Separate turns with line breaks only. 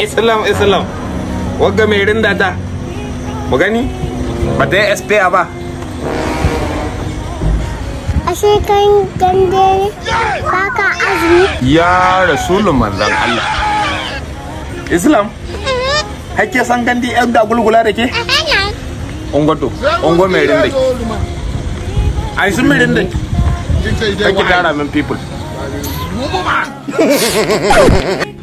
islam islam wagga mai rinda ta mu gani
ba ta yi spare ba
ashe kan gande ba ka azumi
ya rasulun manzan allah
islam hakke san gandi yan da gulgula da ke
ungoto ungo mai rinda ai sun mai rinda
kake tara min people 我不买。